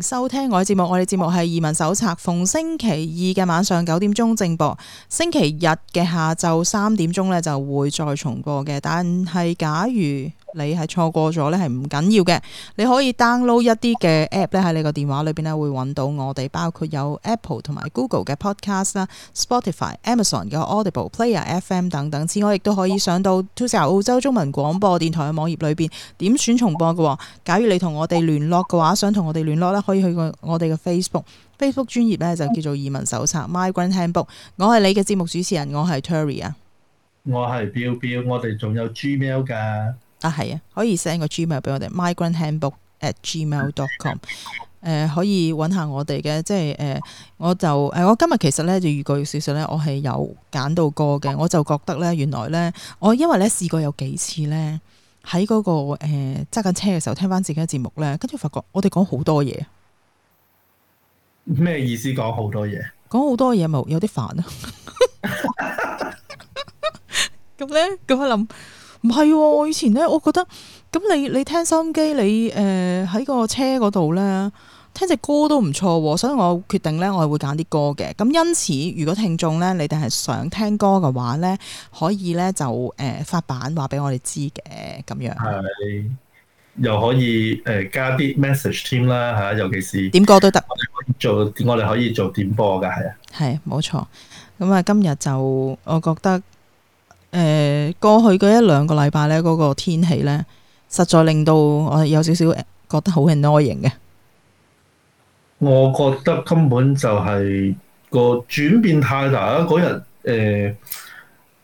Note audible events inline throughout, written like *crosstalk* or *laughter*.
收聽我嘅節目，我哋節目係移民手冊，逢星期二嘅晚上九點鐘正播，星期日嘅下晝三點鐘呢就會再重播嘅。但係假如，你係錯過咗呢，係唔緊要嘅。你可以 download 一啲嘅 app 呢，喺你個電話裏邊呢會搵到我哋，包括有 Apple 同埋 Google 嘅 Podcast 啦、Spotify、Amazon 嘅 Audible、Player FM 等等之外，亦都可以上到 To Sir 澳洲中文廣播電台嘅網頁裏邊點選重播嘅。假如你同我哋聯絡嘅話，想同我哋聯絡呢，可以去個我哋嘅 Facebook，Facebook 專頁呢，就叫做移民手冊 Migrant Handbook。我係你嘅節目主持人，我係 Tury 啊，我係 Bill Bill，我哋仲有 Gmail 噶。啊，係啊，可以 send 個 Gmail 俾我哋 migranthandbook@gmail.com。誒 Mig、呃，可以揾下我哋嘅，即係誒、呃，我就誒、呃，我今日其實咧就預告少少咧，我係有揀到歌嘅，我就覺得咧，原來咧，我因為咧試過有幾次咧，喺嗰、那個誒揸緊車嘅時候聽翻自己嘅節目咧，跟住發覺我哋講好多嘢。咩意思？講好多嘢？講好多嘢冇，有啲煩啊！咁 *laughs* 咧， *laughs* *laughs* 咁我諗。唔係喎，我以前咧，我覺得咁你你聽收音機，你誒喺、呃、個車嗰度咧聽隻歌都唔錯，啊，所以我決定咧，我係會揀啲歌嘅。咁因此，如果聽眾咧，你哋係想聽歌嘅話咧，可以咧就誒、呃、發版話俾我哋知嘅，咁樣。係，又可以誒、呃、加啲 message 添啦吓，尤其是點歌都得。做我哋可以做點播噶，係啊，係冇錯。咁啊，今日就我覺得。誒，uh, 過去嘅一兩個禮拜咧，嗰、那個天氣咧，實在令到我有少少覺得好 enjoying 嘅。我覺得根本就係個轉變太大啦。嗰日誒，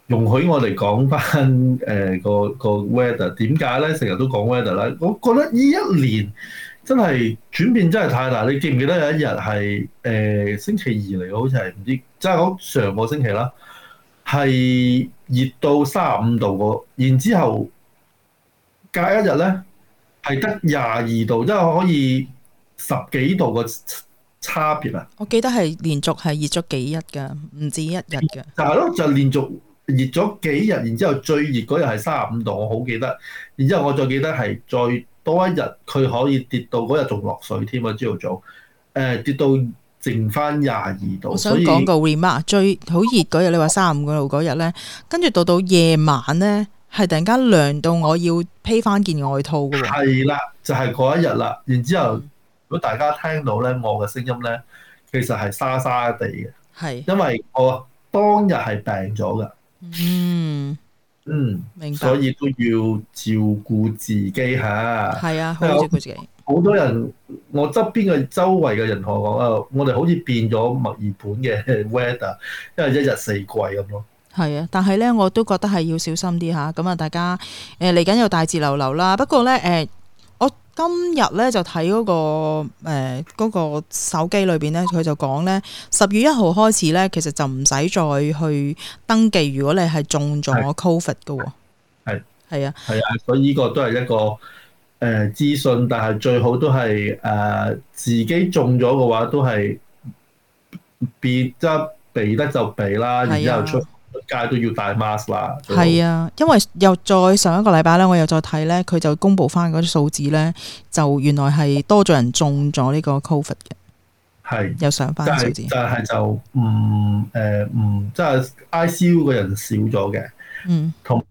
容許我哋講返誒個個 weather，點解咧？成、呃、日都講 weather 啦。我覺得呢一年真係轉變真係太大。你記唔記得有一日係誒星期二嚟？好似係唔知，即係講上個星期啦，係。熱到三十五度個，然之後隔一日咧係得廿二度，因為可以十幾度個差別啊！我記得係連續係熱咗幾日㗎，唔止一日㗎。但係咯，就連續熱咗幾日，然之後最熱嗰日係三十五度，我好記得。然之後我再記得係再多一日，佢可以跌到嗰日仲落水添啊！朝頭早誒跌，呃、到。剩翻廿二度，以我想講個 remark 最好熱嗰日，你話三十五度嗰日咧，跟住到到夜晚咧，係突然間涼到我要披翻件外套噶啦。係啦，就係、是、嗰一日啦。然之後，如果大家聽到咧我嘅聲音咧，其實係沙沙地嘅，係是，因為我當日係病咗噶，嗯嗯，嗯明白所以都要照顧自己吓，係啊，好照顧自己。好多人，我側邊嘅周圍嘅人同我講啊，我哋好似變咗墨爾本嘅 weather，因為一日四季咁咯。係啊，但係咧，我都覺得係要小心啲吓。咁啊，大家誒嚟緊又大字流流啦。不過咧，誒、呃、我今日咧就睇嗰、嗰個誒、呃嗰個、手機裏邊咧，佢就講咧，十月一號開始咧，其實就唔使再去登記，如果你係中咗 COVID 嘅。係。係啊。係啊的，所以呢個都係一個，誒，資訊，但係最好都係誒、呃、自己中咗嘅話，都係別得，避得就避啦，啊、然之後出街都要戴 mask 啦。係啊，吧因為又再上一個禮拜咧，我又再睇咧，佢就公布翻嗰啲數字咧，就原來係多咗人中咗呢個 COVID 嘅，係是又上翻數字，但係就唔誒唔即係 ICU 嘅人少咗嘅，嗯，呃嗯就是、同。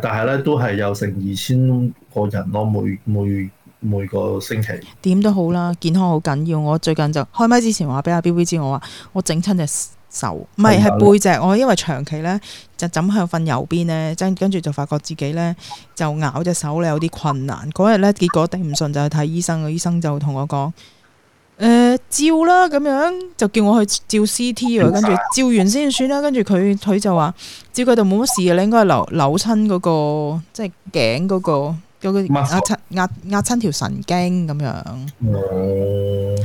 但係咧都係有成二千個人咯、啊，每每每個星期點都好啦，健康好緊要。我最近就開咪之前話俾阿 BB 知，我話我整親隻手，唔係係背脊，我因為長期咧就枕向瞓右邊咧，跟住就發覺自己咧就咬隻手咧有啲困難。嗰日咧結果頂唔順就去睇醫生，個醫生就同我講。誒、呃，照啦咁樣，就叫我去照 CT 啊，跟住照完先算啦。跟住佢佢就話，照佢度冇乜事啊，你應該係扭扭親嗰、嗰個即係頸嗰個嗰個壓壓壓親條神經咁樣。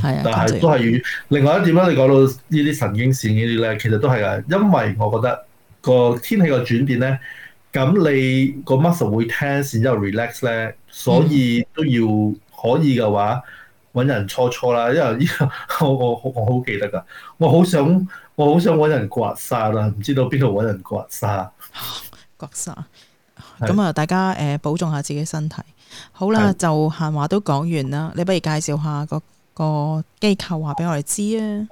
係、嗯、啊，但係是樣都係另外一點咧，你講到呢啲神經綫呢啲咧，其實都係啊，因為我覺得個天氣個轉變咧，咁你個 muscle 會 tense 然之後 relax 咧，所以都要可以嘅話。嗯搵人搓搓啦，因為呢個我我我好記得噶，我好想我好想搵人刮痧啦，唔知道邊度搵人刮痧。刮痧砂，咁啊是，大家誒保重下自己身體。好啦，是就閒話都講完啦，你不如介紹下嗰個機構話俾我哋知啊。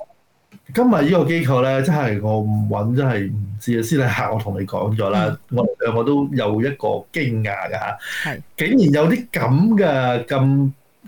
今日呢個機構咧，真係我唔搵，真係唔知啊。先例客我你，嗯、我同你講咗啦，我兩個都有一個驚訝嘅嚇，係是竟然有啲咁嘅咁。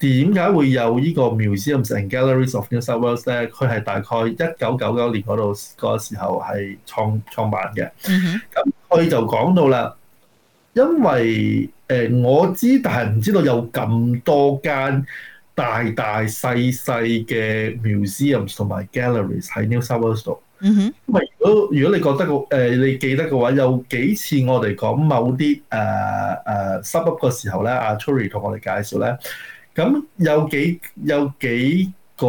點解會有呢個 Museums and Galleries of New South Wales 咧？佢係大概一九九九年嗰度嗰時候係創創辦嘅。咁佢就講到啦，因為誒我知，但係唔知道有咁多間大大細細嘅 Museums 同埋 Galleries 喺 New South Wales 度。因為如果如果你覺得個誒你記得嘅話，有幾次我哋講某啲誒誒 sub 嘅時候咧，阿 Tury 同我哋介紹咧。咁有幾有幾個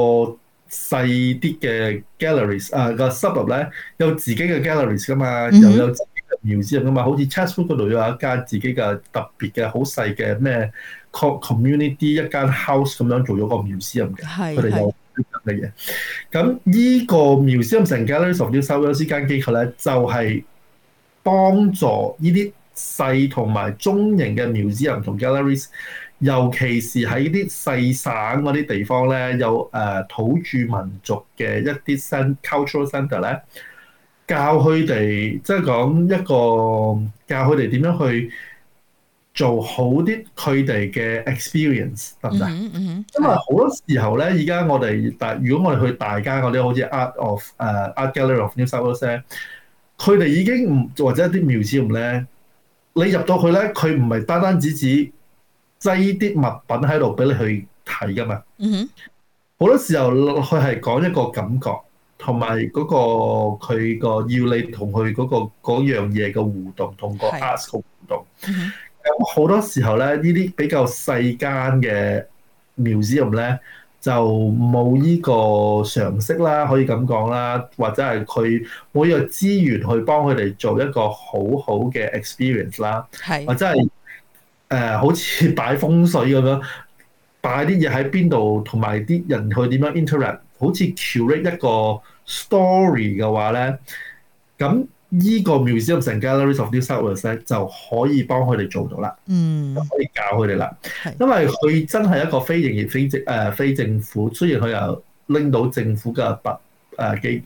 細啲嘅 galleries 啊個 suburb 咧有自己嘅 galleries 噶嘛，mm hmm. 又有自己嘅 museum 噶嘛，好似 Chatswood 嗰度有一間自己嘅特別嘅好細嘅咩 community 一間 house 咁樣做咗個 museum 嘅，佢哋是有啲咁嘅嘢。咁呢的個 museum 成 gallery 所要收咗呢間機構咧，就係、是、幫助呢啲細同埋中型嘅 museum 同 galleries 尤其是喺啲細省嗰啲地方咧，有誒土著民族嘅一啲新 cultural centre e 咧，教佢哋即係講一個教佢哋點樣去做好啲佢哋嘅 experience，得唔得？因為好多時候咧，而家我哋大，如果我哋去大家嗰啲，好似 Art of 誒、uh, Art Gallery of New South Wales，佢哋已經唔或者一啲苗子唔咧，你入到去咧，佢唔係單單止止。.擠啲物品喺度俾你去睇噶嘛？嗯，好多時候佢係講一個感覺，同埋嗰個佢個要你同佢嗰個嗰樣嘢嘅互動，同個 art 嘅互動。咁好的、嗯、多時候咧，呢啲比較細間嘅 museum 入咧，就冇呢個常識啦，可以咁講啦，或者係佢冇有個資源去幫佢哋做一個好好嘅 experience 啦，係的，或者係。誒、呃、好似擺風水咁樣，擺啲嘢喺邊度，同埋啲人去點樣 interact，好似 curate 一個 story 嘅話咧，咁呢個 Museums and Galleries of New South Wales 就可以幫佢哋做到啦。嗯，就可以搞佢哋啦，因為佢真係一個非營業非政誒、呃、非政府，雖然佢又拎到政府嘅撥誒機。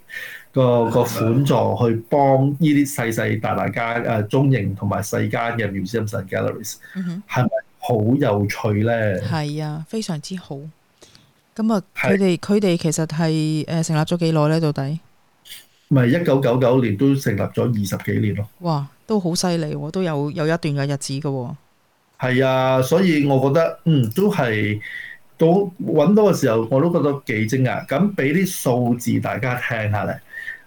個個款座去幫呢啲細細大大家誒中型同埋世間嘅 museums and galleries 係咪好、嗯、哼有趣咧？係啊，非常之好。咁啊，佢哋佢哋其實係誒成立咗幾耐咧？到底咪一九九九年都成立咗二十幾年咯？哇，都好犀利喎！都有有一段嘅日子嘅喎、啊。係啊，所以我覺得嗯都係到揾到嘅時候，我都覺得幾精嘅。咁俾啲數字大家聽一下咧。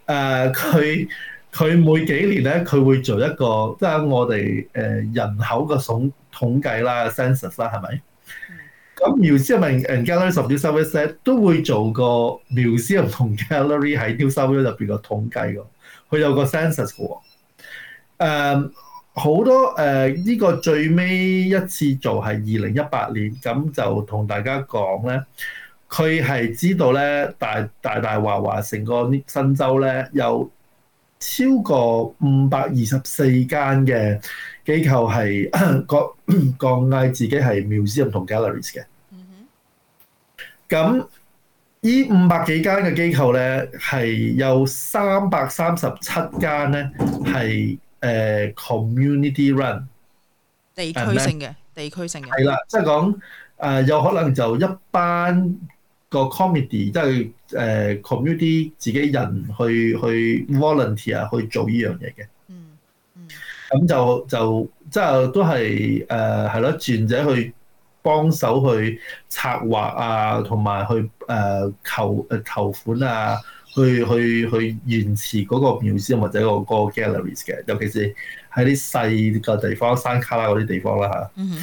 誒佢佢每幾年咧，佢會做一個即係、就是、我哋誒、uh, 人口嘅統統計啦，census 啦，係咪？咁 Museums and Galleries of NSW 都會做個 museum 同 gallery 喺 New South Wales 入邊嘅統計㗎，佢有個 census 嘅喎。好、uh, 多誒呢、uh, 個最尾一次做係二零一八年，咁就同大家講咧。佢係知道咧，大大大華華成個呢新州咧有超過五百二十四間嘅機構係降降嗌自己係 museum 同 galleries 嘅，嗯哼。咁呢五百幾間嘅機構咧係有三百三十七間咧係誒 community run 地區性嘅 and that, 地區性嘅。係啦，即係講誒有可能就一班。個 committee 即、就、係、是、誒、呃、community 自己人去去 volunteer 去做呢樣嘢嘅，嗯、mm hmm. 嗯，咁就就即係都係誒係咯，志、呃、者去幫手去策劃啊，同埋去誒籌誒籌款啊，去去去延遲嗰個 museum 或者個個 galleries 嘅，尤其是喺啲細嘅地方、山卡拉嗰啲地方啦、啊、嚇。Mm hmm.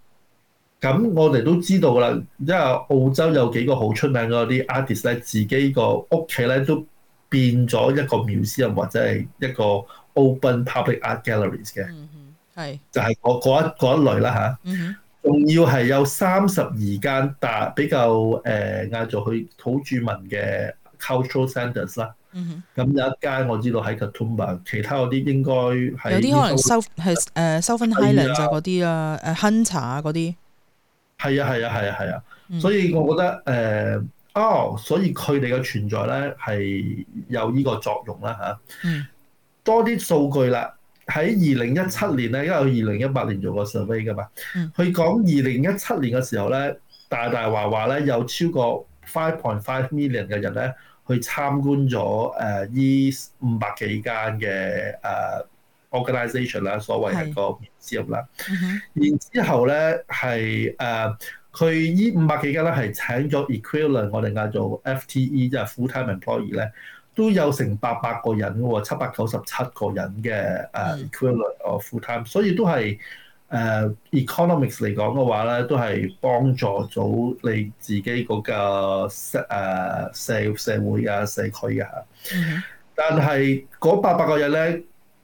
咁我哋都知道啦，因為澳洲有幾個好出名嗰啲 artist 咧，自己個屋企咧都變咗一個 museum 啊，或者係一個 open public art galleries 嘅，係、嗯、就係我嗰一嗰一類啦嚇。仲、啊嗯、哼要係有三十二間大比較誒嗌、呃、做佢好著名嘅 cultural centers 啦、嗯哼。咁有一間我知道喺 Katoomba、er、啊，其他嗰啲應該有啲可能收係誒收分 highland 嗰啲啦，誒 Hunter 啊嗰啲。係啊係啊係啊係啊，所以我覺得誒，哦、呃，oh, 所以佢哋嘅存在咧係有呢個作用啦、啊、嚇。Mm. 多啲數據啦，喺二零一七年咧，因為佢二零一八年做過 survey 㗎嘛。佢講二零一七年嘅時候咧，大大話話咧有超過 five point five million 嘅人咧去參觀咗誒呢五百幾間嘅誒，呃 organisation 啦，所謂一個資入啦，然之後咧係誒，佢依五百幾間咧係請咗 equivalent，我哋嗌做 FTE 即係 full-time employee 咧，都有成八百個人喎，七百九十七個人嘅誒 equivalent of 是 full-time，所以都係誒、呃、economics 嚟講嘅話咧，都係幫助到你自己嗰個社會社會啊、社區啊。嗯、哼但係嗰八百個人咧。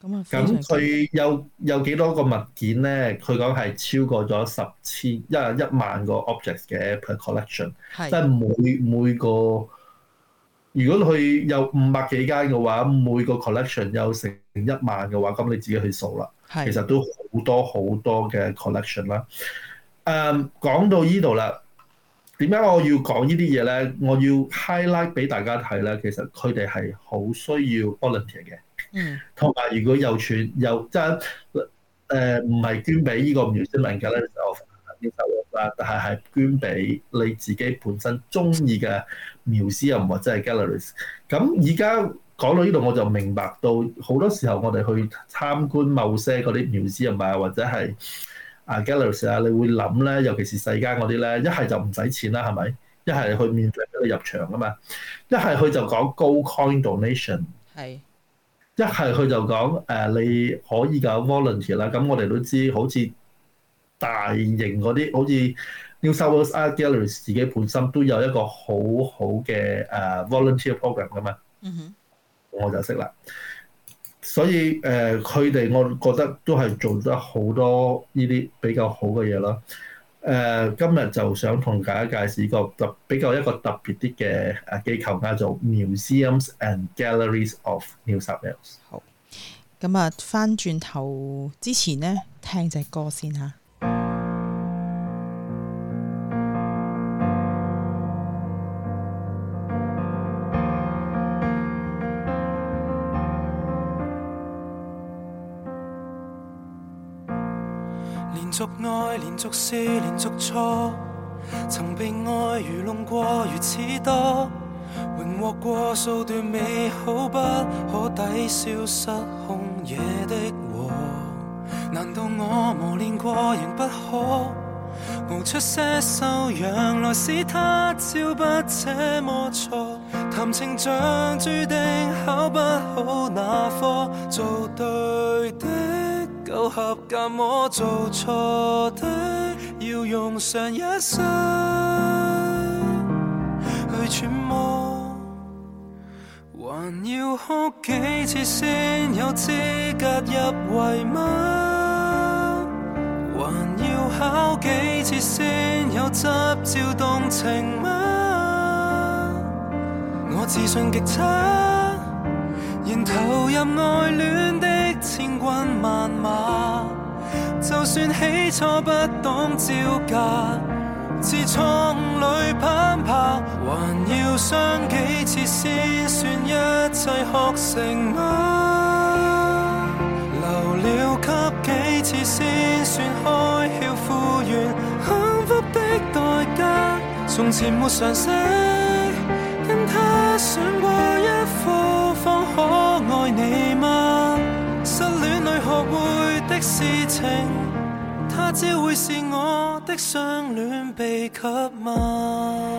咁佢有有幾多個物件咧？佢講係超過咗十千，因為一萬個 object 嘅 per collection，是即係每每個。如果佢有五百幾間嘅話，每個 collection 有成一萬嘅話，咁你自己去數是好多好多啦，um。其實都好多好多嘅 collection 啦。誒，講到依度啦，點解我要講呢啲嘢咧？我要 highlight 俾大家睇咧，其實佢哋係好需要 volunteer 嘅。嗯，同埋如果又存又即係誒，唔係捐俾呢個苗師文格咧，就呢首啦。但係係捐俾你自己本身中意嘅苗師人，或者係 galleries。咁而家講到呢度，我就明白到好多時候我哋去參觀某些嗰啲苗師人，唔或者係啊 galleries 啊，你會諗咧，尤其是世間嗰啲咧，一係就唔使錢啦，係咪？一係去免費俾你入場啊嘛。一係佢就講高 coin donation 係。一係佢就講誒、呃，你可以搞 volunteer 啦。咁、er，我哋都知好，好似大型嗰啲，好似 New South Wales Art Gallery 自己本身都有一個很好好嘅誒、呃、volunteer program 嘅嘛。嗯哼、mm，hmm。我就識啦。所以誒，佢、呃、哋我覺得都係做得好多呢啲比較好嘅嘢啦。Uh, 今日就想同大家介紹一個特比較一個特別啲嘅啊機構叫做 Museums and Galleries of New South Wales。A、好，咁啊，翻轉頭之前呢，聽隻歌先吓。續愛，連續試，連續錯，曾被愛愚弄過如此多，榮獲過數段美好，不可抵消，失控惹的禍。難道我磨練過仍不可，熬出些修養來使他招不這麼錯？談情像注定考不好那科，做對的巧合。教我做錯的，要用上一生去揣摩，還要哭幾次先有資格入圍嗎？還要考幾次先有執照動情嗎？我自信極差，仍投入愛戀的千軍萬馬。就算起初，不懂招架，自創裏攀爬，還要傷幾次先算一切學成嗎？留了給幾次先算開竅付完幸福的代價。從前沒常識，跟他上過一課，方可愛你嗎？失戀裏學會。事情，他只會是我的相戀被吸嗎？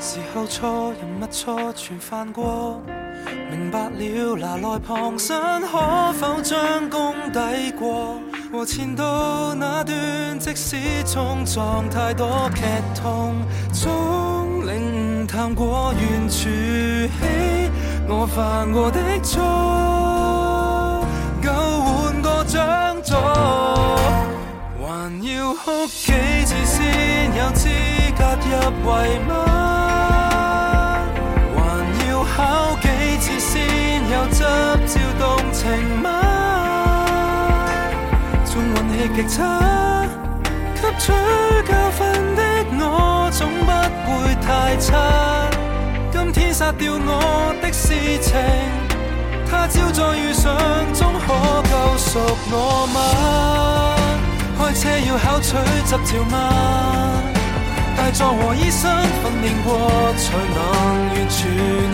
*noise* 時候錯，人物錯，全犯過。明白了，拿來旁身，可否將功抵過？和前度那段，即使衝撞太多劇痛中領悟探過完處起，我犯過的錯，夠換個獎座，還要哭幾次先有資格入圍嗎？考幾次先有執照動情嗎？縱運氣極差，吸取教訓的我總不會太差。今天殺掉我的事情，他朝再遇上，總可救贖我嗎？開車要考取執照嗎？大作和醫生訓練過才能完全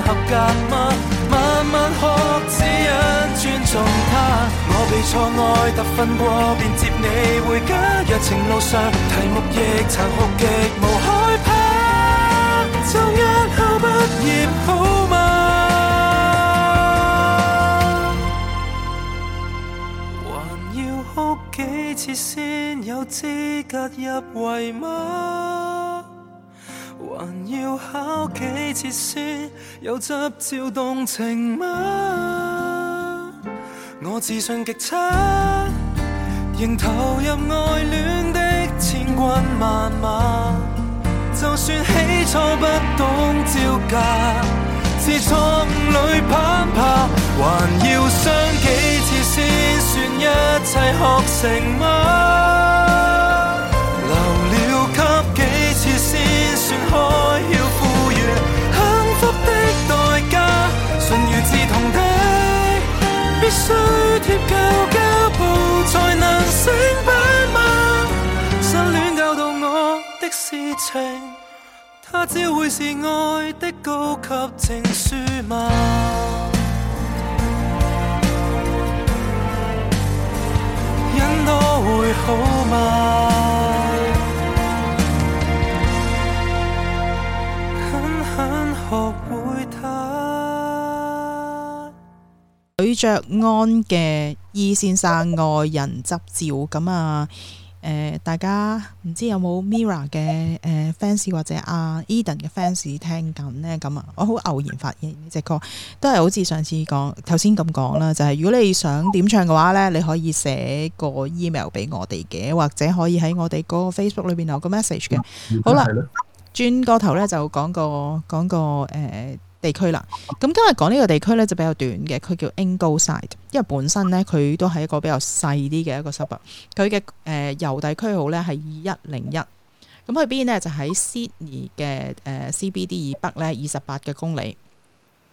合格嗎？慢慢學，只因尊重他。我被錯愛特訓過，便接你回家。若情路上題目亦殘酷，極無害怕，就押後畢業好嗎？還要哭幾次先有資格入圍嗎？還要考幾次先有執照動情嗎？我自信極差，仍投入愛戀的千軍萬馬。就算起初不懂招架，自錯誤裏攀爬，還要傷幾次先算一切學成嗎？要富裕幸福的代價，唇語字同的，必須貼夠膠布才能升班嗎？失戀教導我的事情，它只會是愛的高級證書嗎？忍多會好嗎？許卓安嘅伊先生愛人執照咁啊，誒，大家唔知有冇 Mira 嘅誒 fans 或者阿 Eden 嘅 fans 聽緊呢？咁啊，我好偶然發現呢隻歌，都係好似上次講頭先咁講啦，就係、是、如果你想點唱嘅話呢，你可以寫個 email 俾我哋嘅，或者可以喺我哋個 Facebook 裏邊留個 message 嘅。好啦，轉個頭呢，頭就講個講個誒。呃地區啦，咁今日講呢個地區咧就比較短嘅，佢叫 Ingleside，因為本身咧佢都係一個比較細啲嘅一個 suburb，佢嘅誒郵遞區號咧係二一零一，咁佢邊咧就喺 Sydney 嘅誒 CBD 以北咧二十八嘅公里。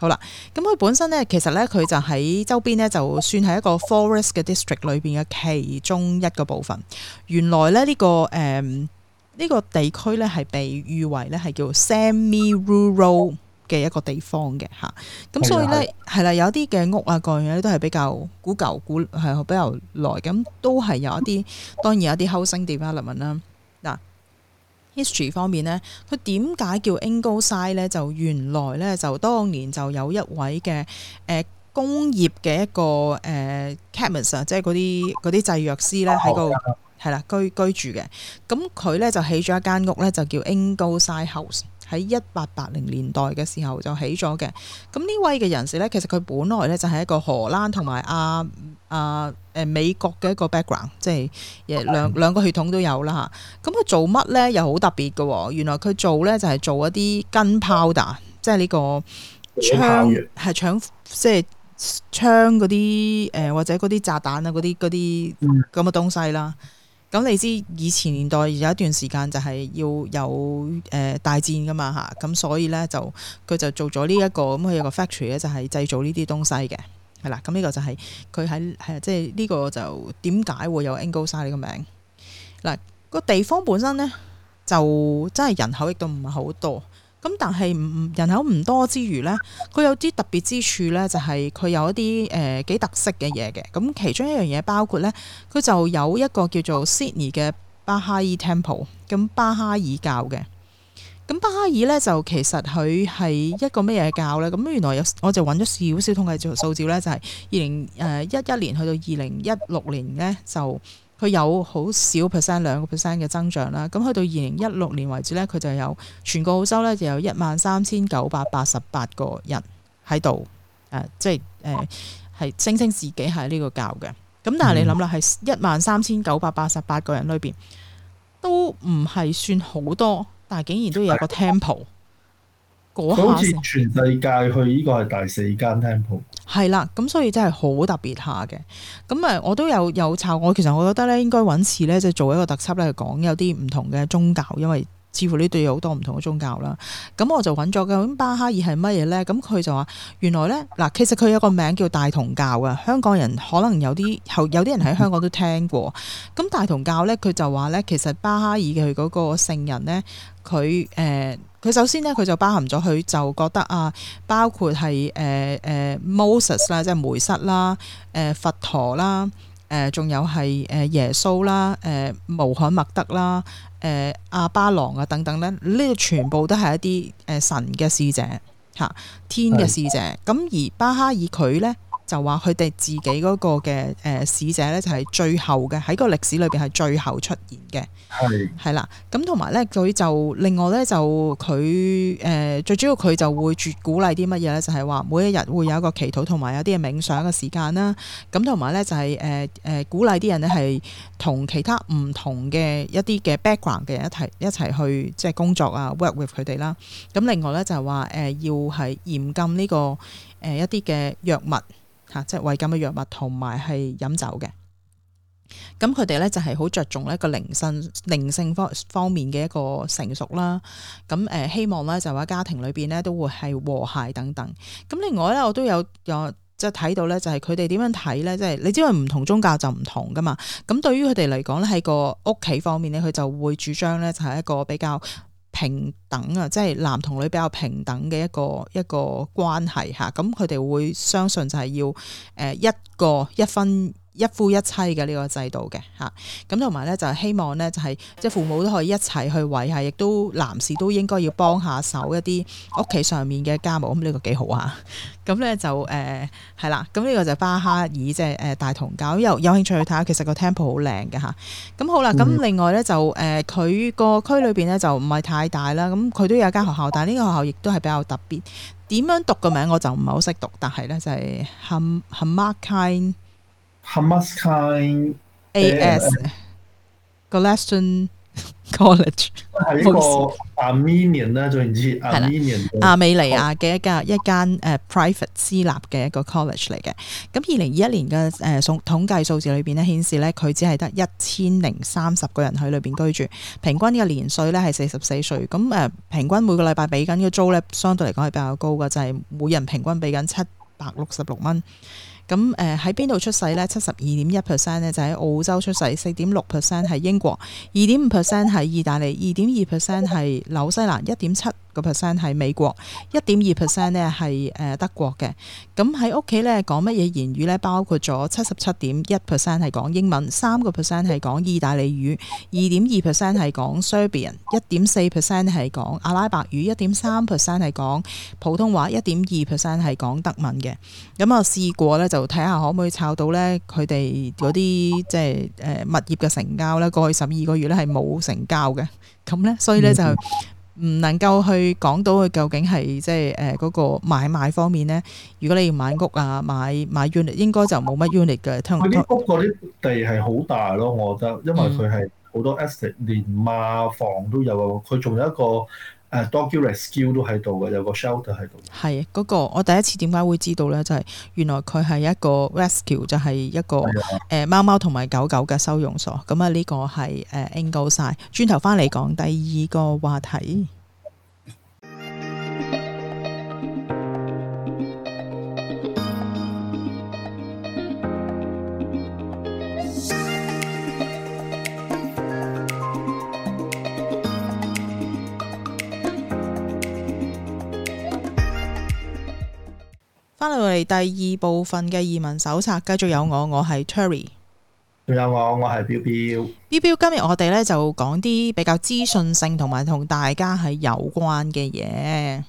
好啦，咁佢本身咧，其實咧，佢就喺周邊咧，就算係一個 forest 嘅 district 裏邊嘅其中一個部分。原來咧、呢個，呢個誒呢個地區咧，係被譽為咧係叫 semi-rural 嘅一個地方嘅嚇。咁的所以咧，係啦，有啲嘅屋啊，各樣嘢都係比較古舊，古係比較耐，咁都係有一啲當然有一啲 housing development 啦。History 方面咧，佢點解叫 Ingleside 咧？就原來咧，就當年就有一位嘅誒、呃、工業嘅一個誒、呃、chemist 啊，即係嗰啲啲製藥師咧喺度係啦居居住嘅，咁佢咧就起咗一間屋咧，就叫 Ingleside House。喺一八八零年代嘅時候就起咗嘅，咁呢位嘅人士咧，其實佢本來咧就係一個荷蘭同埋阿阿誒美國嘅一個 background，即係兩兩個血統都有啦嚇。咁佢做乜咧？又好特別嘅喎，原來佢做咧就係、是、做一啲 gunpowder 即係呢、呢個、嗯、槍係搶即係槍嗰啲誒或者嗰啲炸彈啊嗰啲嗰啲咁嘅東西啦。咁你知以前年代有一段時間就係要有誒、呃、大戰噶嘛吓，咁所以咧就佢就做咗呢、這個、一個咁佢有個 factory 咧就係製造呢啲東西嘅，係啦，咁呢個就係佢喺即係呢個就點解會有 Ingleside 呢個名？嗱、那個地方本身咧就真係人口亦都唔係好多。咁但係唔唔人口唔多之餘呢，佢有啲特別之處呢，就係佢有一啲誒幾特色嘅嘢嘅。咁其中一樣嘢包括呢，佢就有一個叫做 Sydney 嘅巴哈伊 Temple，咁巴哈爾教嘅。咁巴哈爾呢，就其實佢係一個咩嘢教呢？咁原來有我就揾咗少少統計數數字呢，就係二零誒一一年去到二零一六年呢就。佢有好少 percent 兩個 percent 嘅增長啦，咁去到二零一六年為止咧，佢就有全個澳洲咧就有一萬三千九百八十八個人喺度，誒即係誒係聲稱自己係呢個教嘅。咁但係你諗啦，係一萬三千九百八十八個人裏邊都唔係算好多，但係竟然都有一個 temple。好似全世界去呢個係第四間 temple。係啦，咁所以真係好特別下嘅。咁誒，我都有有查。我其實我覺得咧，應該揾次咧，即係做一個特輯咧，講有啲唔同嘅宗教，因為似乎呢度有好多唔同嘅宗教啦。咁我就揾咗嘅。咁巴哈爾係乜嘢咧？咁佢就話原來咧，嗱，其實佢有一個名叫大同教呀。香港人可能有啲有啲人喺香港都聽過。咁 *laughs* 大同教咧，佢就話咧，其實巴哈爾嘅嗰個聖人咧，佢誒佢首先咧，佢就包含咗佢就覺得啊，包括係、呃、Moses 啦，即係梅塞啦，誒、呃、佛陀啦，誒、呃、仲有係誒耶穌啦，誒、呃、穆罕默德啦，誒、呃、阿巴郎啊等等咧，呢個全部都係一啲誒神嘅使者嚇，天嘅使者，咁是的 而巴哈爾佢咧。就話佢哋自己嗰個嘅誒、呃、使者咧，就係、是、最後嘅喺個歷史裏邊係最後出現嘅。係係啦，咁同埋咧佢就另外咧就佢誒、呃、最主要佢就會絕鼓勵啲乜嘢咧，就係、是、話每一日會有一個祈禱同埋有啲嘢冥想嘅時間、就是呃呃就是啊、them, 啦。咁同埋咧就係誒誒鼓勵啲人咧係同其他唔同嘅一啲嘅 background 嘅人一齊一齊去即係工作啊 work with 佢哋啦。咁另外咧就係話誒要係嚴禁呢、這個誒、呃、一啲嘅藥物。嚇，即係違禁嘅藥物同埋係飲酒嘅。咁佢哋咧就係好着重咧個靈性靈性方方面嘅一個成熟啦。咁誒希望咧就喺家庭裏邊咧都會係和諧等等。咁另外咧我都有有即係睇到咧就係佢哋點樣睇咧，即係你知唔同宗教就唔同㗎嘛。咁對於佢哋嚟講咧喺個屋企方面咧，佢就會主張咧就係一個比較。平等啊，即係男同女比較平等嘅一個一個關係。嚇，咁佢哋會相信就係要誒一個一分。一夫一妻嘅呢個制度嘅嚇咁，同埋咧就係希望咧就係即係父母都可以一齊去維係，亦都男士都應該要幫一下手一啲屋企上面嘅家務。咁、這、呢個幾好啊。咁咧就誒係啦。咁、呃、呢個就係巴哈爾即係誒大同教。咁有，有興趣去睇下，其實個 temple 好靚嘅嚇。咁好啦。咁另外咧就誒佢個區裏邊咧就唔係太大啦。咁佢都有間學校，但係呢個學校亦都係比較特別。點樣讀個名我就唔係好識讀，但係咧就係 ham Hamazkaine Hamaskine A S Glaston College 係呢個 Armenian, *laughs* 阿美尼亞、阿美利亞嘅一間、哦、一間誒 private 私立嘅一個 college 嚟嘅。咁二零二一年嘅誒統統計數字裏邊咧，顯示咧佢只係得一千零三十個人喺裏邊居住，平均嘅年歲咧係四十四歲。咁誒、呃、平均每個禮拜俾緊嘅租咧，相對嚟講係比較高嘅，就係、是、每人平均俾緊七百六十六蚊。咁誒喺邊度出世呢？七十二點一 percent 咧就喺澳洲出世，四點六 percent 喺英國，二點五 percent 喺意大利，二點二 percent 係紐西蘭，一點七個 percent 喺美國，一點二 percent 咧係誒德國嘅。咁喺屋企咧講乜嘢言語咧？包括咗七十七點一 percent 係講英文，三個 percent 係講意大利語，二點二 percent 係講 Serbian，一點四 percent 係講阿拉伯語，一點三 percent 係講普通話，一點二 percent 係講德文嘅。咁我試過咧就。睇下可唔可以炒到咧？佢哋嗰啲即係誒物業嘅成交咧，過去十二個月咧係冇成交嘅，咁咧所以咧就唔能夠去講到佢究竟係即係誒嗰個買賣方面咧。如果你要買屋啊，買買 unit 應該就冇乜 unit 嘅。佢啲屋嗰啲地係好大咯，我覺得，因為佢係好多 estate，連馬房都有啊，佢仲有一個。d 多叫 rescue 都喺度嘅，有個 shelter 喺度。係嗰、那個，我第一次點解會知道咧？就係、是、原來佢係一個 rescue，就係一個誒貓貓同埋狗狗嘅收容所。咁啊的，呢、呃這個係 Ingleside 晒。轉頭翻嚟講第二個話題。第二部分嘅移民手冊繼續有我，我係 Terry，仲有我，我係 Bill Bill，Bill Bill。今日我哋咧就講啲比較資訊性同埋同大家係有關嘅嘢，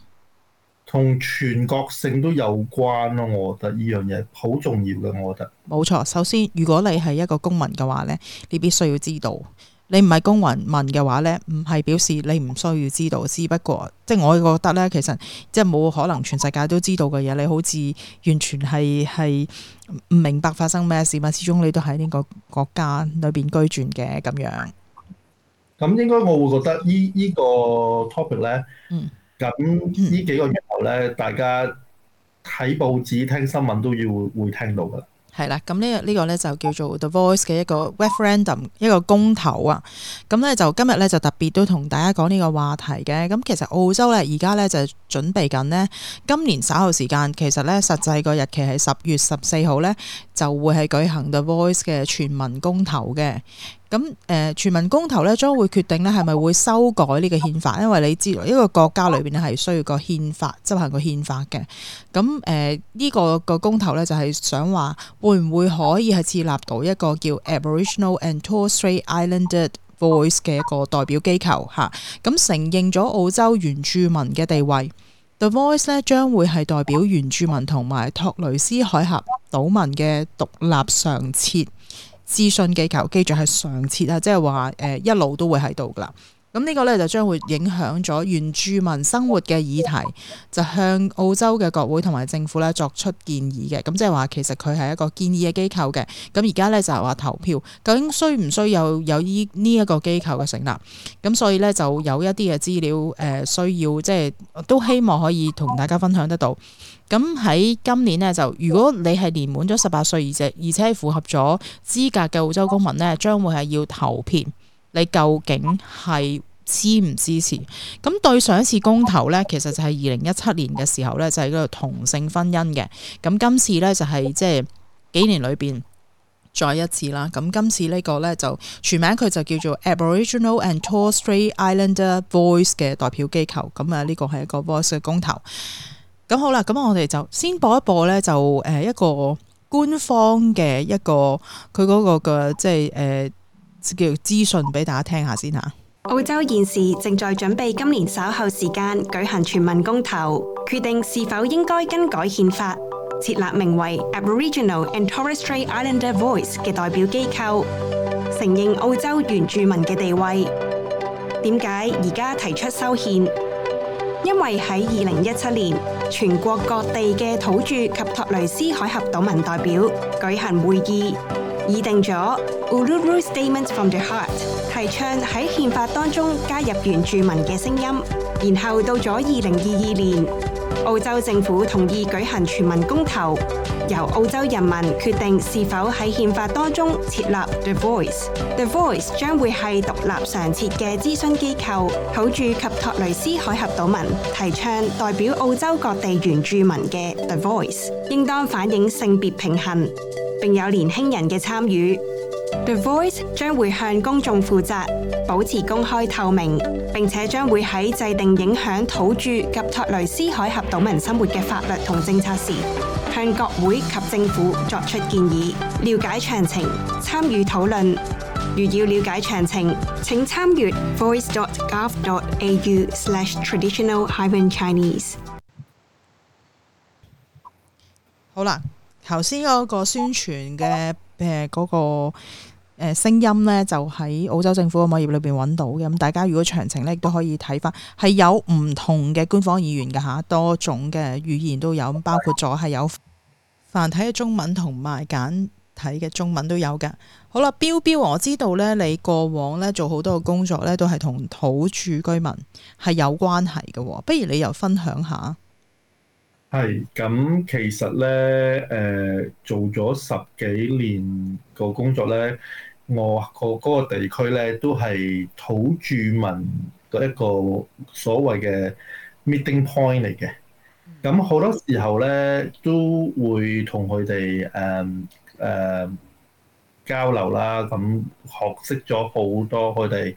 同全國性都有關咯、啊。我覺得呢樣嘢好重要嘅，我覺得冇錯。首先，如果你係一個公民嘅話咧，你必須要知道。你唔係公民問嘅話咧，唔係表示你唔需要知道。只不過，即係我覺得咧，其實即係冇可能全世界都知道嘅嘢。你好似完全係係唔明白發生咩事嘛？始終你都喺呢個國家裏邊居住嘅咁樣。咁應該我會覺得呢、呢個 topic 咧、嗯，咁呢幾個月後咧，嗯、大家睇報紙、聽新聞都要會、會聽到㗎。係啦，咁呢個呢個呢就叫做 The Voice 嘅一個 referendum，一個公投啊。咁呢就今日呢就特別都同大家講呢個話題嘅。咁其實澳洲呢而家呢就準備緊呢今年稍後時間，其實呢實際個日期係十月十四號呢，就會係舉行 The Voice 嘅全民公投嘅。咁誒、呃、全民公投咧，將會決定咧係咪會修改呢個憲法，因為你知道，一個國家裏面咧係需要個憲法，執行個憲法嘅。咁誒呢個個公投咧就係、是、想話會唔會可以係設立到一個叫 Aboriginal and Torres Strait Islander Voice 嘅一個代表機構咁、啊、承認咗澳洲原住民嘅地位。The Voice 咧將會係代表原住民同埋托雷斯海峽島民嘅獨立常設諮詢機構，記住係常設啊，即係話誒一路都會喺度噶啦。咁呢個咧就將會影響咗原住民生活嘅議題，就向澳洲嘅國會同埋政府咧作出建議嘅。咁即係話其實佢係一個建議嘅機構嘅。咁而家咧就係話投票，究竟需唔需要有依呢一個機構嘅成立？咁所以咧就有一啲嘅資料誒、呃，需要即係都希望可以同大家分享得到。咁喺今年呢，就如果你係年滿咗十八歲，而且而且符合咗資格嘅澳洲公民呢，將會係要投票，你究竟係支唔支持？咁對上一次公投呢，其實就係二零一七年嘅時候呢，就係嗰個同性婚姻嘅。咁今次呢，就係即係幾年裏面再一次啦。咁今次呢個呢，就全名佢就叫做 Aboriginal and Torres Strait Islander Voice 嘅代表機構。咁啊，呢個係一個 Voice 嘅公投。咁好啦，咁我哋就先播一播呢，就誒一個官方嘅一個佢嗰個嘅即係誒叫資訊俾大家聽下先吓。澳洲現時正在準備今年稍後時間舉行全民公投，決定是否應該更改憲法，設立名為 Aboriginal and Torres Strait Islander Voice 嘅代表機構，承認澳洲原住民嘅地位。點解而家提出修憲？因為喺二零一七年，全國各地嘅土著及托雷斯海峽島民代表舉行會議，擬定咗 Uluru Statement from the Heart，提倡喺憲法當中加入原住民嘅聲音，然後到咗二零二二年，澳洲政府同意舉行全民公投。由澳洲人民決定是否喺憲法當中設立 The Voice。The Voice 將會係獨立常設嘅諮詢機構，土著及托雷斯海峽島民提倡代表澳洲各地原住民嘅 The Voice 應當反映性別平衡，並有年輕人嘅參與。The Voice 將會向公眾負責，保持公開透明，並且將會喺制定影響土著及托雷斯海峽島民生活嘅法律同政策時。向國會及政府作出建議，了解詳情，參與討論。如要了解詳情，請參閱 voice.gov.au/traditional/hyvern/chinese。好啦，頭先嗰個宣傳嘅誒嗰個誒聲音呢，就喺澳洲政府網頁裏邊揾到嘅。咁大家如果詳情呢，亦都可以睇翻，係有唔同嘅官方語言㗎吓，多種嘅語言都有，包括咗係有。繁體嘅中文同埋簡體嘅中文都有噶。好啦，標標，我知道咧，你過往咧做好多嘅工作咧，都係同土著居民係有關係嘅。不如你又分享下。係咁，其實咧，誒、呃，做咗十幾年嘅工作咧，我、個嗰、個地區咧都係土著民嘅一個所謂嘅 meeting point 嚟嘅。咁好多時候咧，都會同佢哋誒誒交流啦。咁學識咗好多佢哋，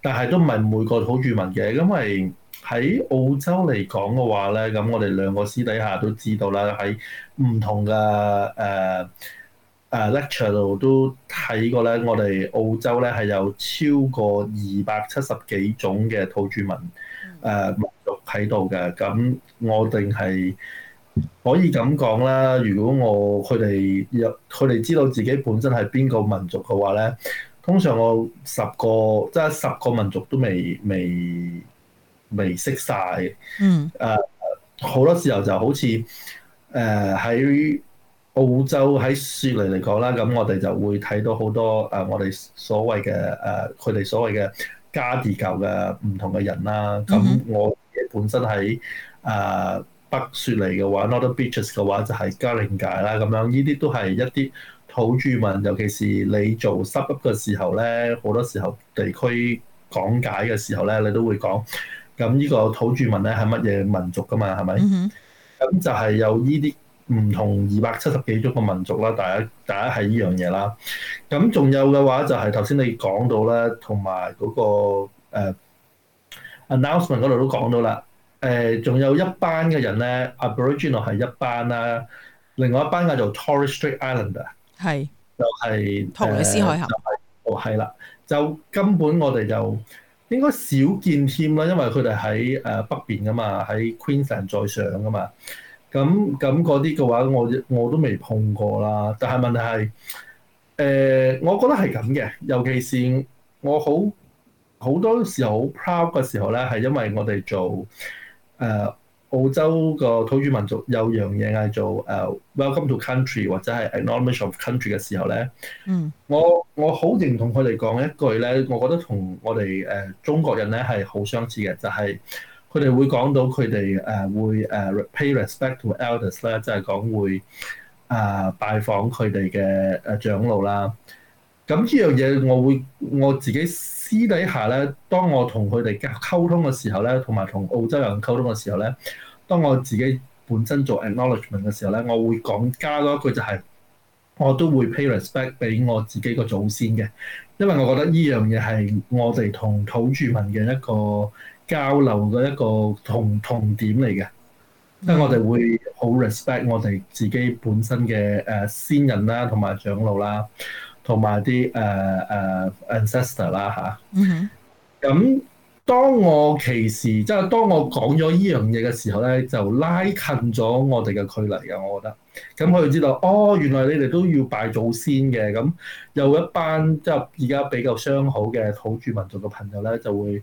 但係都唔係每個土著民嘅，因為喺澳洲嚟講嘅話咧，咁我哋兩個私底下都知道啦，喺唔同嘅誒誒 lecture 度都睇過咧，我哋澳洲咧係有超過二百七十幾種嘅土著民誒民族喺度嘅，咁、嗯。嗯嗯。我定係可以咁講啦。如果我佢哋佢哋知道自己本身係邊個民族嘅話咧，通常我十個即係十個民族都未未未識晒。嗯。好、uh, 多時候就好似喺、uh, 澳洲喺雪梨嚟講啦，咁我哋就會睇到好多、uh, 我哋所謂嘅誒佢哋所謂嘅家地教嘅唔同嘅人啦。咁我自己本身喺誒、uh, 北雪梨嘅話 Northern Beaches 嘅話就係嘉陵界啦。咁樣呢啲都係一啲土著民，尤其是你做 sub 嘅時候咧，好多時候地區講解嘅時候咧，你都會講。咁呢個土著民咧係乜嘢民族噶嘛？係咪？咁、mm hmm. 就係有呢啲唔同二百七十幾種嘅民族啦。大家大家係呢樣嘢啦。咁仲有嘅話就係頭先你講到咧，同埋嗰個、uh, announcement 度都講到啦。Mm hmm. 誒，仲、呃、有一班嘅人咧，Aboriginal 係一班啦，另外一班叫做 Torres Strait Islander，是係、就是呃，就係、是，同類私海峽，就係啦，就根本我哋就應該少見添啦，因為佢哋喺誒北邊噶嘛，喺 Queensland 在上噶嘛，咁咁嗰啲嘅話我，我我都未碰過啦。但係問題係，誒、呃，我覺得係咁嘅，尤其是我好好多時候好 proud 嘅時候咧，係因為我哋做。誒、uh, 澳洲個土著民族有一樣嘢嗌做誒、uh, welcome to country 或者係 acknowledgement of country 嘅時候咧，嗯，我我好認同佢哋講一句咧，我覺得同我哋誒、uh, 中國人咧係好相似嘅，就係佢哋會講到佢哋誒會誒 pay respect to elders 咧，即係講會啊拜訪佢哋嘅誒長老啦。咁呢樣嘢，我會我自己。私底下咧，當我同佢哋溝通嘅時候咧，同埋同澳洲人溝通嘅時候咧，當我自己本身做 acknowledgement 嘅時候咧，我會講加多一句就係，我都會 pay respect 俾我自己個祖先嘅，因為我覺得呢樣嘢係我哋同土著民嘅一個交流嘅一個同同點嚟嘅，因為我哋會好 respect 我哋自己本身嘅誒先人啦，同埋長老啦。同埋啲誒誒 ancestor 啦、啊、吓。咁、mm hmm. 當我其時，即係當我講咗依樣嘢嘅時候咧，就拉近咗我哋嘅距離嘅，我覺得。咁佢哋知道，哦，原來你哋都要拜祖先嘅，咁有一班即係而家比較相好嘅土著民族嘅朋友咧，就會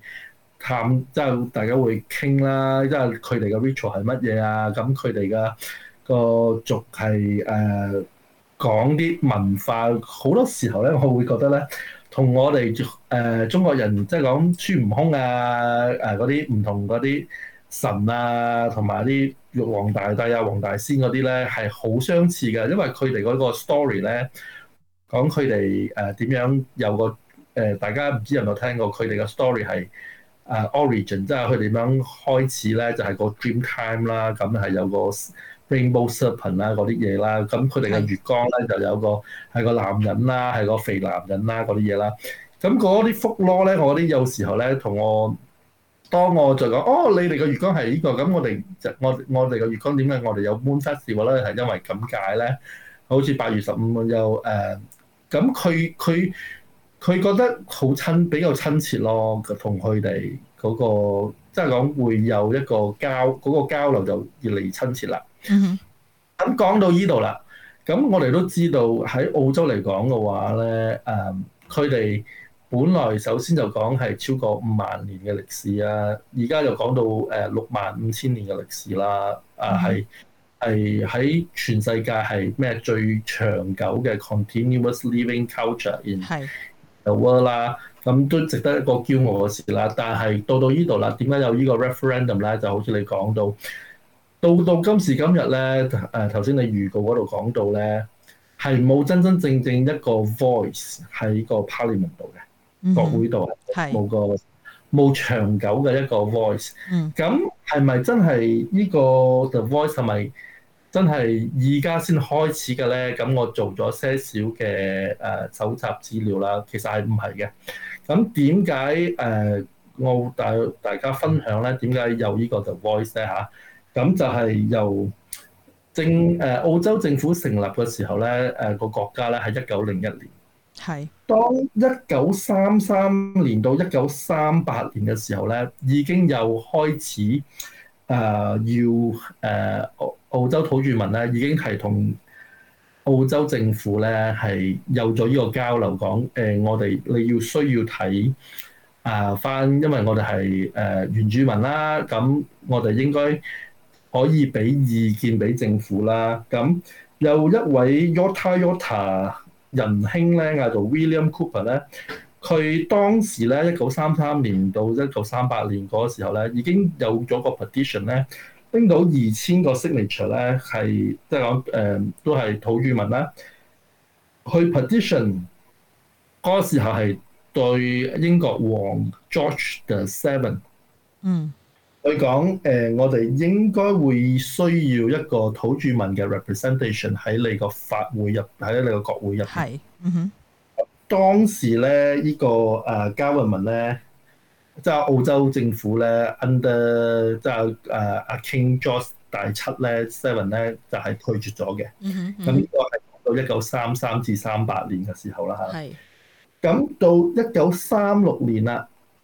探，即係大家會傾啦，即係佢哋嘅 ritual 係乜嘢啊？咁佢哋嘅個族係誒。Uh, 講啲文化，好多時候咧，我會覺得咧，同我哋誒中國人即係、就是、講孫悟空啊、誒嗰啲唔同嗰啲神啊，同埋啲玉皇大帝啊、黃大仙嗰啲咧，係好相似嘅，因為佢哋嗰個 story 咧，講佢哋誒點樣有個誒，大家唔知有冇聽過佢哋嘅 story 係誒 origin，即係佢點樣開始咧，就係、是、個 dream time 啦，咁係有個。Rainbow Serpent 啦嗰啲嘢啦，咁佢哋嘅月光咧就有個係個男人啦，係個肥男人啦嗰啲嘢啦。咁嗰啲福祿咧，我啲有時候咧同我當我就講，哦，你哋嘅月光係呢個，咁我哋就我我哋嘅月光點解我哋有 moon phase 嘅話咧，係因為咁解咧。好似八月十五又誒，咁佢佢佢覺得好親比較親切咯，同佢哋嗰個即係講會有一個交嗰個交流就越嚟越親切啦。嗯，咁、mm hmm. 講到呢度啦，咁我哋都知道喺澳洲嚟講嘅話咧，誒，佢哋本來首先就講係超過五萬年嘅歷史啊，而家又講到誒六萬五千年嘅歷史啦，啊、mm，係係喺全世界係咩最長久嘅 continuous living culture in 是 the world 啦，咁都值得一個驕傲嘅事啦。但係到到呢度啦，點解有個呢個 referendum 咧？就好似你講到。到到今時今日咧，誒頭先你預告嗰度講到咧，係冇真真正正一個 voice 喺個 parliament 度嘅、嗯、哼國會度冇是個冇長久嘅一個 voice。咁係咪真係呢個 the voice 係咪真係而家先開始嘅咧？咁我做咗些少嘅誒搜集資料啦，其實係唔係嘅。咁點解誒我大大家分享咧？點解有呢個 the voice 咧？吓。咁就係由政誒澳洲政府成立嘅時候咧，誒、個國家咧係一九零一年。係的當一九三三年到一九三八年嘅時候咧，已經又開始誒、呃、要誒、呃、澳洲土著民咧已經係同澳洲政府咧係有咗呢個交流，講誒、呃、我哋你要需要睇啊返，因為我哋係誒原住民啦，咁我哋應該。可以俾意見俾政府啦。咁有一位 Yota Yota 仁兄咧，嗌做 William Cooper 咧，佢當時咧一九三三年到一九三八年嗰時候咧，已經有咗個 petition 咧，拎到二千個 signature 咧，係即係講誒都係土著民啦，去 petition 嗰時候係對英國王 George the Seven。嗯。佢講誒，我哋應該會需要一個土著民嘅 representation 喺你個法會入，喺你個國會入。係，嗯哼。當時咧，呢個 uh, 呢個誒 government 咧，即係澳洲政府咧，under 即係誒阿 King George 第七咧，seven 咧就係拒絕咗嘅。咁呢個係到一九三三至三八年嘅時候啦，嚇是。係。嗯。咁到一九三六年啦。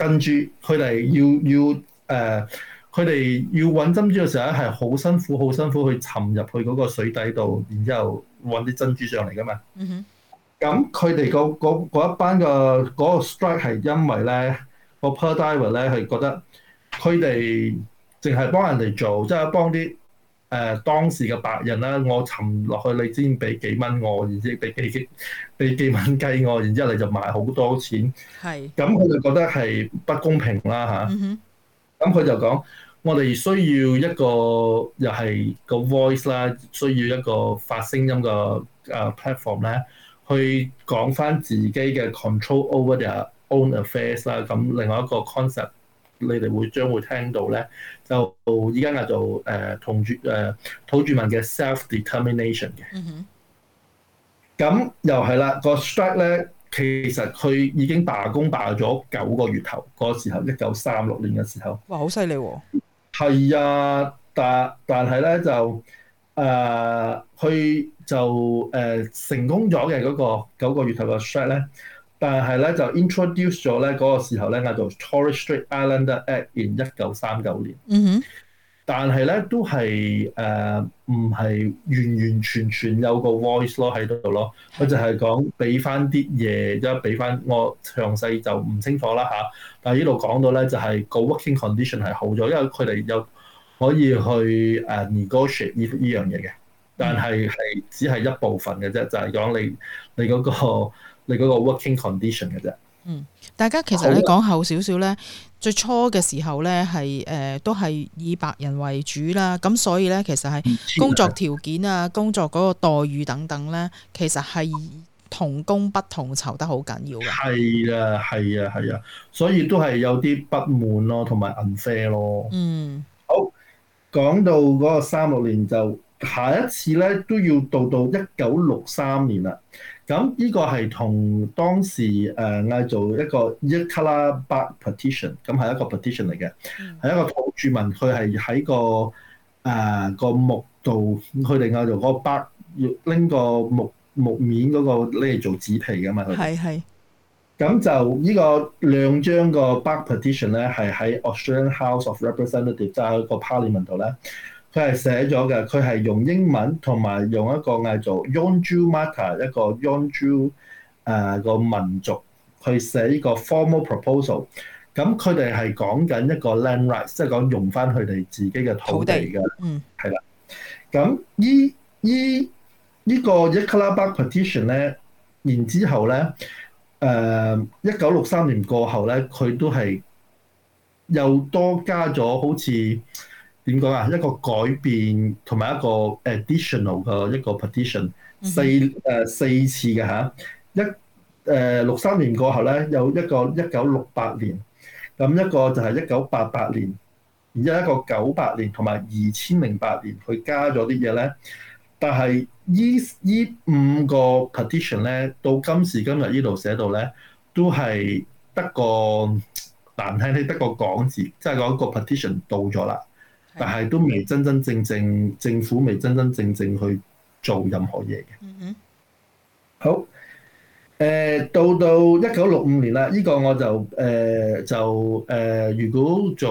珍珠，佢哋要要誒，佢、呃、哋要揾珍珠嘅時候咧，係好辛苦好辛苦去沉入去嗰個水底度，然之後揾啲珍珠上嚟嘅嘛。嗯哼、mm。咁佢哋個嗰嗰一班嘅嗰、嗰個 strike 係因為咧，個 pearl diver 咧係覺得佢哋淨係幫人哋做，即係幫啲。誒當時嘅白人啦，我沉落去，你先俾幾蚊我，我，然之俾幾幾俾幾蚊雞我，然之後你就賣好多錢。係是。咁佢就覺得係不公平啦嚇。咁佢、嗯、哼就講，我哋需要一個又係個 voice 啦，需要一個發聲音嘅誒 platform 咧，去講翻自己嘅 control over their own affairs 啦。咁另外一個 concept。你哋會將會聽到咧，就依家就誒土住土著民嘅 self-determination 嘅。咁、mm hmm. 又係啦，個 strike 咧，其實佢已經罷工罷咗九個月頭，嗰時候一九三六年嘅時候。時候哇，好犀利喎！係啊，但但係咧就誒，佢、呃、就誒、呃、成功咗嘅嗰個九個月頭嘅 strike 咧。但係咧就 introduce 咗咧嗰個時候咧嗌做 Torres Strait Islander Act in 一九三九年。嗯哼、mm。Hmm. 但係咧都係誒唔係完完全全有個 voice 咯喺度咯。佢就係、是、講俾翻啲嘢，即係俾翻我詳細就唔清楚啦嚇、啊。但係呢度講到咧就係個 working condition 係好咗，因為佢哋又可以去 negotiate 呢樣嘢嘅。但係係只係一部分嘅啫，就係、是、講你你嗰、那個。你嗰個 working condition 嘅啫。嗯，大家其實咧講後少少咧，啊、最初嘅時候咧係誒都係以白人為主啦，咁所以咧其實係工作條件啊、工作嗰個待遇等等咧，其實係同工不同酬得好緊要㗎。係啊，係啊，係啊，所以都係有啲不滿咯，同埋 unfair 咯。嗯，好，講到嗰個三六年就下一次咧都要到到一九六三年啦。咁呢個係同當時誒嗌做一個一卡拉八 partition，咁係一個 partition 嚟嘅，係、嗯、一個土著民，佢係喺個誒、呃、個木度，佢哋嗌做嗰個八，拎個木木面嗰、那個嚟做紙皮嘅嘛。係係。咁是就呢個兩張個八 partition 咧，係喺 Australian House of Representatives，就喺個 parliament 度咧。佢係寫咗嘅，佢係用英文同埋用一個嗌做 Yolngu Matha 一個 Yolngu 誒、呃、個民族去寫呢個 formal proposal。咁佢哋係講緊一個 land rights，即係講用翻佢哋自己嘅土地嘅，係啦。咁依依依個 Yirrkala bark petition 咧，然之後咧誒一九六三年過後咧，佢都係又多加咗好似點講啊？一個改變同埋一個 additional 嘅一個 petition 四，誒、mm hmm. 呃、四次嘅嚇，一誒六三年過後咧，有一個一九六八年，咁一個就係一九八八年，然之後一個九八年同埋二千零八年，佢加咗啲嘢咧。但係依依五個 petition 咧，到今時今日呢度寫到咧，都係得個難聽你得個講字，即係嗰個 petition 到咗啦。但係都未真真正正政府未真真正正去做任何嘢嘅。嗯嗯。好。誒、呃，到到一九六五年啦，呢、這個我就誒、呃、就誒、呃，如果做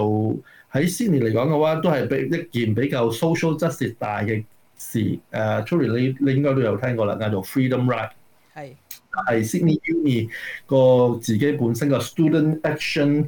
喺 Sydney 嚟講嘅話，都係比一件比較 social justice 大嘅事。誒、啊，Tury 你你應該都有聽過啦，叫做 freedom ride。係。Sydney Uni 個自己本身嘅 student action。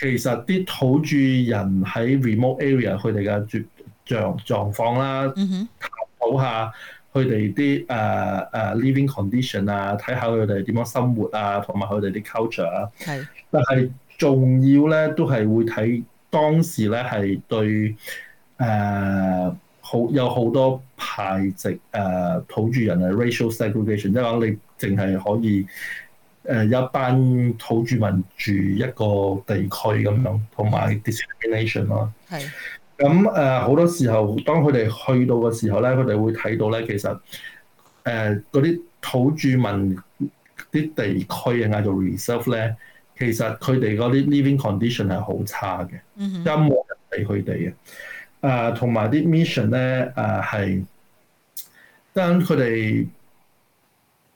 其實啲土著人喺 remote area，佢哋嘅絕狀狀況啦，探、mm hmm. 討下佢哋啲誒誒 living condition 啊，睇下佢哋點樣生活啊，同埋佢哋啲 culture 啊。係是，但係重要咧，都係會睇當時咧係對誒、uh, 好有好多排斥誒土著人嘅 racial segregation，即係講你淨係可以。誒有班土著民住一個地區咁樣，同埋 discrimination 咯。係是。咁誒好多時候，當佢哋去到嘅時候咧，佢哋會睇到咧、呃，其實誒嗰啲土著民啲地區啊嗌做 reserve 咧，其實佢哋嗰啲 living condition 係好差嘅，因冇人俾佢哋嘅。誒同埋啲 mission 咧誒係，呃、當佢哋。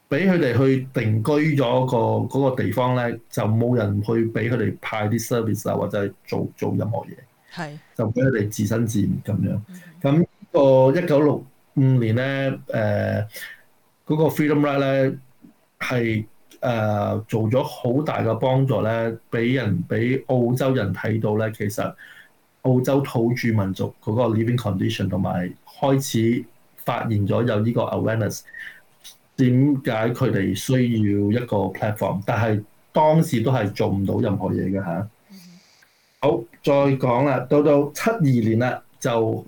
俾佢哋去定居咗個嗰個地方咧，就冇人去俾佢哋派啲 service 啊，或者係做做任何嘢。係就俾佢哋自生自滅咁樣。咁個一九六五年咧，誒嗰個 Freedom Ride 咧係誒做咗好大嘅幫助咧，俾人俾澳洲人睇到咧，其實澳洲土著民族嗰個 living condition 同埋開始發現咗有呢個 awareness。點解佢哋需要一個 platform？但係當時都係做唔到任何嘢嘅嚇。Mm hmm. 好，再講啦，到到七二年啦，就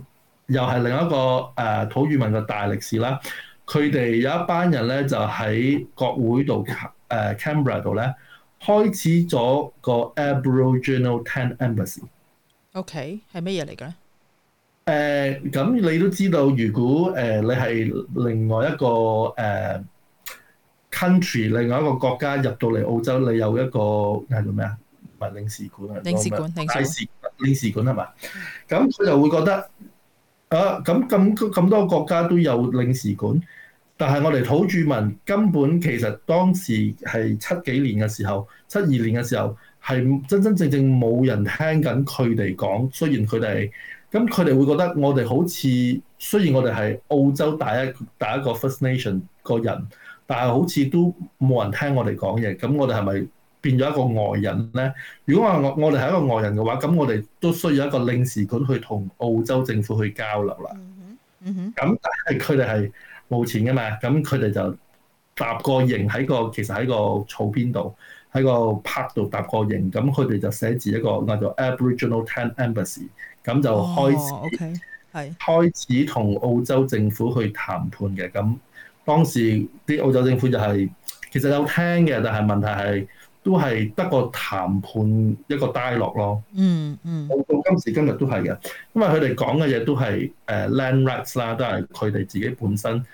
又係另一個誒、啊、土著民嘅大歷史啦。佢哋有一班人咧，就喺國會度誒 Canberra 度咧，啊、開始咗個 Aboriginal Tent Embassy。OK，係乜嘢嚟嘅？誒咁，uh, 你都知道，如果誒你係另外一個誒 country，另外一個國家入到嚟澳洲，你有一個係做咩啊？唔係領事館，領事館領事館，係嘛？咁佢就會覺得啊，咁咁咁多國家都有領事館，但係我哋土著民根本其實當時係七幾年嘅時候，七二年嘅時候係真真正正冇人聽緊佢哋講，雖然佢哋。咁佢哋會覺得我哋好似雖然我哋係澳洲第一第一個 First Nation 個人，但係好似都冇人聽我哋講嘢。咁我哋係咪變咗一個外人咧？如果話我我我哋係一個外人嘅話，咁我哋都需要一個領事館去同澳洲政府去交流啦、mm。嗯、hmm。咁、mm hmm。但係佢哋係冇錢㗎嘛，咁佢哋就。搭個營喺個其實喺個草邊度，喺個 park 度搭個營，咁佢哋就寫字一個嗌做 Aboriginal Tent Embassy，咁就開始、哦、okay, 開始同澳洲政府去談判嘅。咁當時啲澳洲政府就係、是、其實有聽嘅，但係問題係都係得個談判一個 dialogue 咯。嗯嗯，嗯到今時今日都係嘅，因為佢哋講嘅嘢都係誒 land rights 啦，都係佢哋自己本身。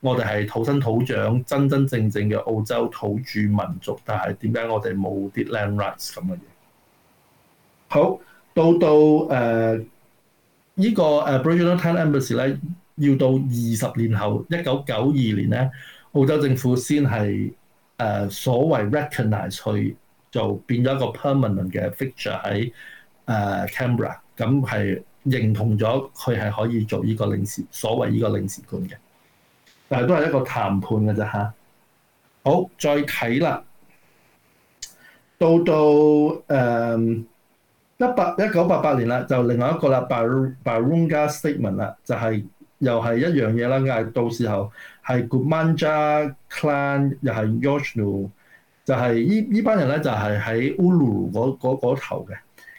我哋係土生土長、真真正正嘅澳洲土著民族，但係點解我哋冇啲 land rights 咁嘅嘢？好到到誒呢個誒 Aboriginal Tent Embassy 咧，要到二十年後一九九二年咧，澳洲政府先係誒所謂 recognize 佢，就變咗一個 permanent 嘅 figure 喺誒 Canberra 咁係認同咗佢係可以做呢個領事，所謂呢個領事館嘅。但係都係一個談判嘅啫嚇。好，再睇啦。到到誒一八一九八八年啦，就另外一個啦 b a r Barunga Statement 啦，就係、是、又係一樣嘢啦。嗌到時候係 Gumatj 加、ja、Clan 又係 Yolngu，就係呢依班人咧，就係、是、喺 Uluru 嗰頭嘅。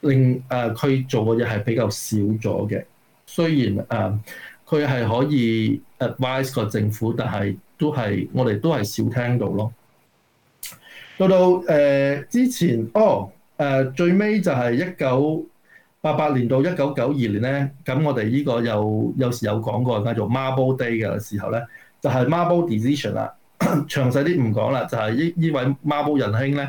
令誒佢、呃、做嘅嘢係比較少咗嘅，雖然誒佢係可以 advise 個政府，但係都係我哋都係少聽到咯。到到誒、呃、之前，哦誒、呃、最尾就係一九八八年到一九九二年咧，咁我哋呢個有有時有講過叫做 Marble Day 嘅時候咧，就係、是、Marble Decision 啦。 *coughs* 詳細啲唔講啦，就係、是、呢依位 Marble 仁兄咧。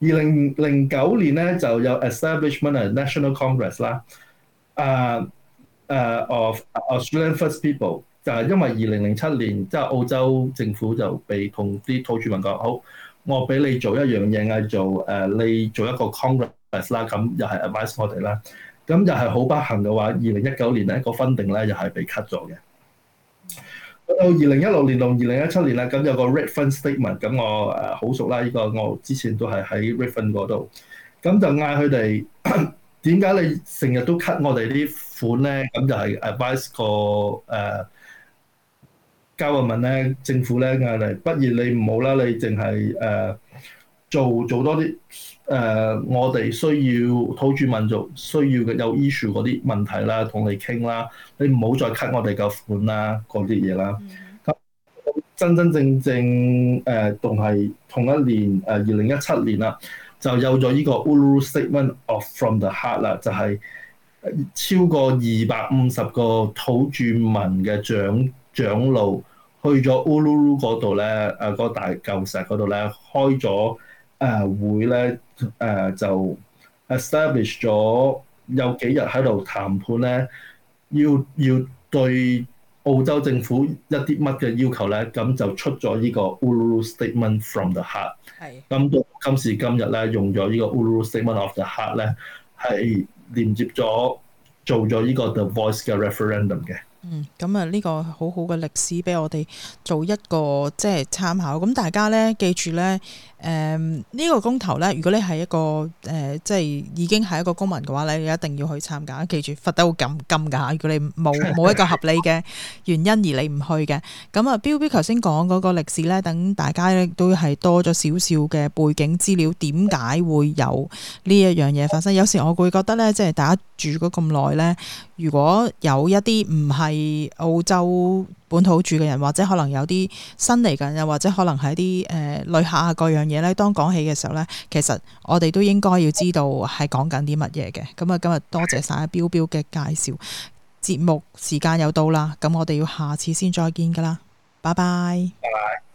二零零九年咧就有 establishment 啊，National Congress 啦，啊啊 of Australian First People 就係因為二零零七年即係、就是、澳洲政府就被同啲土著民講好，我俾你做一樣嘢嗌做誒你做一個,、uh, 個 Congress 啦，咁又係 advice 我哋啦，咁又係好不幸嘅話，二零一九年咧、那個 funding 咧又係被 cut 咗嘅。到二零一六年同二零一七年啦，咁有個 Redfin statement，咁我誒好熟啦，呢個我之前都係喺 Redfin 嗰度，咁就嗌佢哋點解你成日都 cut 我哋啲款咧？咁就係 advice 個誒交個文咧，政府咧嗌嚟，不如你唔好啦，你淨係誒做做多啲。誒，uh, 我哋需要土著民族需要嘅有 issue 嗰啲問題啦，同你傾啦，你唔好再 cut 我哋嘅款啦，嗰啲嘢啦。咁、mm hmm. 真真正正誒，仲、呃、係同一年誒，二零一七年啦，就有咗呢個 Uluru Statement of from the heart 啦，就係超過二百五十個土著民嘅長長路去咗 Uluru 嗰度咧，誒、個大舊石嗰度咧，開咗。誒、啊、會咧，誒、啊、就 establish 咗有幾日喺度談判咧，要要對澳洲政府一啲乜嘅要求咧，咁就出咗呢個 Uluru Statement from the Heart 是。係。咁到今時今日咧，用咗呢個 Uluru Statement of the Heart 咧，係連接咗做咗呢個 The Voice 嘅 referendum 嘅。嗯，咁啊，呢個好好嘅歷史俾我哋做一個即係參考。咁大家咧，記住咧。誒呢、嗯這個公投呢，如果你係一個、呃、即係已經係一個公民嘅話，你一定要去參加，記住罰到禁禁㗎。如果你冇冇一個合理嘅原因而你唔去嘅，咁啊 *laughs* ，Bill Bill 頭先講嗰個歷史呢，等大家都係多咗少少嘅背景資料，點解會有呢一樣嘢發生？有時我會覺得呢，即係大家住咗咁耐呢，如果有一啲唔係澳洲。本土住嘅人，或者可能有啲新嚟嘅人，又或者可能係啲誒、旅客啊，各樣嘢咧。當講起嘅時候咧，其實我哋都應該要知道係講緊啲乜嘢嘅。咁、嗯、啊，今日多謝曬標標嘅介紹。節目時間又到啦，咁我哋要下次先再見噶啦，拜拜。拜拜。